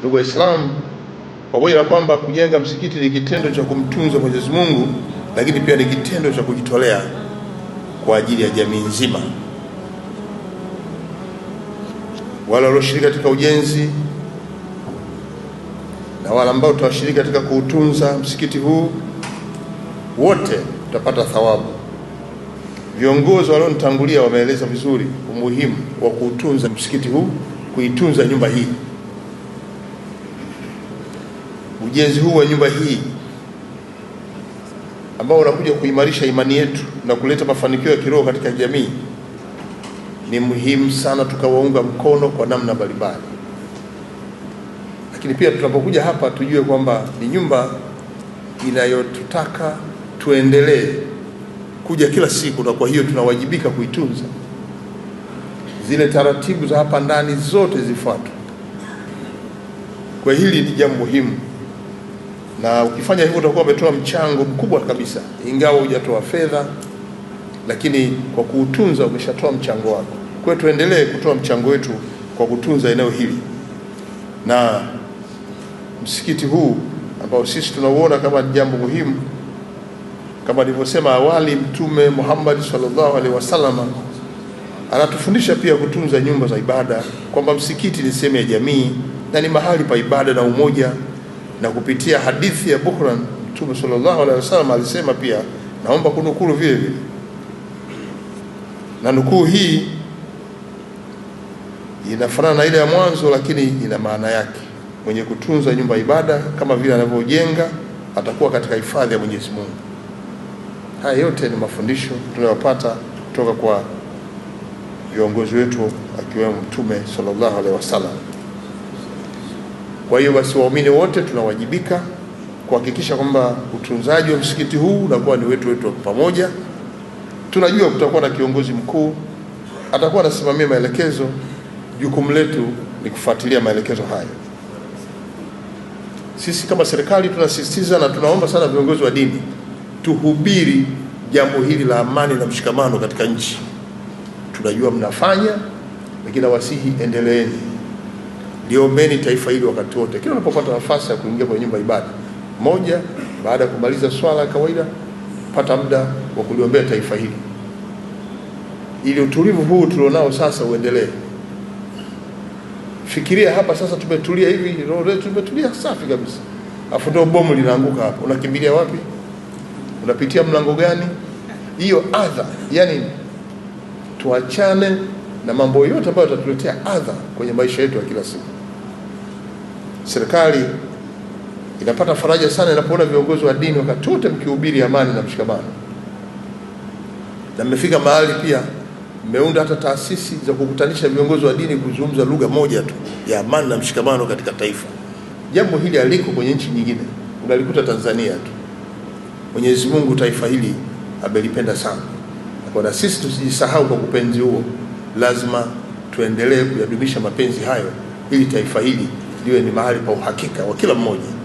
Ndugu Waislamu, pamoja na kwamba kujenga msikiti ni kitendo cha kumtunza Mwenyezi Mungu, lakini pia ni kitendo cha kujitolea kwa ajili ya jamii nzima. Wale walioshiriki katika ujenzi na wale ambao tutawashiriki katika kuutunza msikiti huu, wote tutapata thawabu. Viongozi walionitangulia wameeleza vizuri umuhimu wa kuutunza msikiti huu, kuitunza nyumba hii ujenzi huu wa nyumba hii ambao unakuja kuimarisha imani yetu na kuleta mafanikio ya kiroho katika jamii, ni muhimu sana tukawaunga mkono kwa namna mbalimbali, lakini pia tunapokuja hapa tujue kwamba ni nyumba inayotutaka tuendelee kuja kila siku, na kwa hiyo tunawajibika kuitunza. Zile taratibu za hapa ndani zote zifuatwe. Kwa hili ni jambo muhimu na ukifanya hivyo utakuwa umetoa mchango mkubwa kabisa, ingawa hujatoa fedha, lakini kwa kuutunza umeshatoa mchango wako. Kwa hiyo tuendelee kutoa mchango wetu kwa kutunza eneo hili na msikiti huu ambao sisi tunauona kama jambo muhimu. Kama alivyosema awali, Mtume Muhammad sallallahu alaihi wasallam anatufundisha pia kutunza nyumba za ibada, kwamba msikiti ni sehemu ya jamii na ni mahali pa ibada na umoja na kupitia hadithi ya Bukhari Mtume sallallahu alaihi wasallam alisema pia, naomba kunukuru vile vile, na nukuu hii inafanana na ile ya mwanzo, lakini ina maana yake. Mwenye kutunza nyumba ya ibada kama vile anavyojenga atakuwa katika hifadhi ya Mwenyezi Mungu. Haya yote ni mafundisho tunayopata kutoka kwa viongozi wetu akiwemo Mtume sallallahu alaihi wasallam. Kwa hiyo basi, waumini wote tunawajibika kuhakikisha kwamba utunzaji wa msikiti huu unakuwa ni wetu wetu pamoja. Tunajua kutakuwa na kiongozi mkuu atakuwa anasimamia maelekezo. Jukumu letu ni kufuatilia maelekezo hayo. Sisi kama serikali tunasisitiza na tunaomba sana viongozi wa dini, tuhubiri jambo hili la amani na mshikamano katika nchi. Tunajua mnafanya, lakini nawasihi endeleeni. Liombeni taifa hili wakati wote, kila unapopata nafasi ya kuingia kwenye nyumba ibada moja, baada ya kumaliza swala ya kawaida, pata muda wa kuliombea taifa hili ili utulivu huu tulionao sasa uendelee. Fikiria hapa sasa, tumetulia hivi, roho letu tumetulia safi kabisa, afu ndio bomu linaanguka hapa, unakimbilia wapi? Unapitia mlango gani? Hiyo adha, yani tuachane na mambo yote ambayo yatatuletea adha kwenye maisha yetu ya kila siku serikali inapata faraja sana inapoona viongozi wa dini wakati wote mkihubiri amani na mshikamano, na mmefika mahali pia mmeunda hata taasisi za kukutanisha viongozi wa dini kuzungumza lugha moja tu ya amani na mshikamano katika taifa. Jambo hili aliko kwenye nchi nyingine, unalikuta Tanzania tu. Mwenyezi Mungu taifa hili amelipenda sana, kwa na sisi tusijisahau kwa kupenzi huo, lazima tuendelee kuyadumisha mapenzi hayo ili taifa hili liwe ni mahali pa uhakika wa kila mmoja.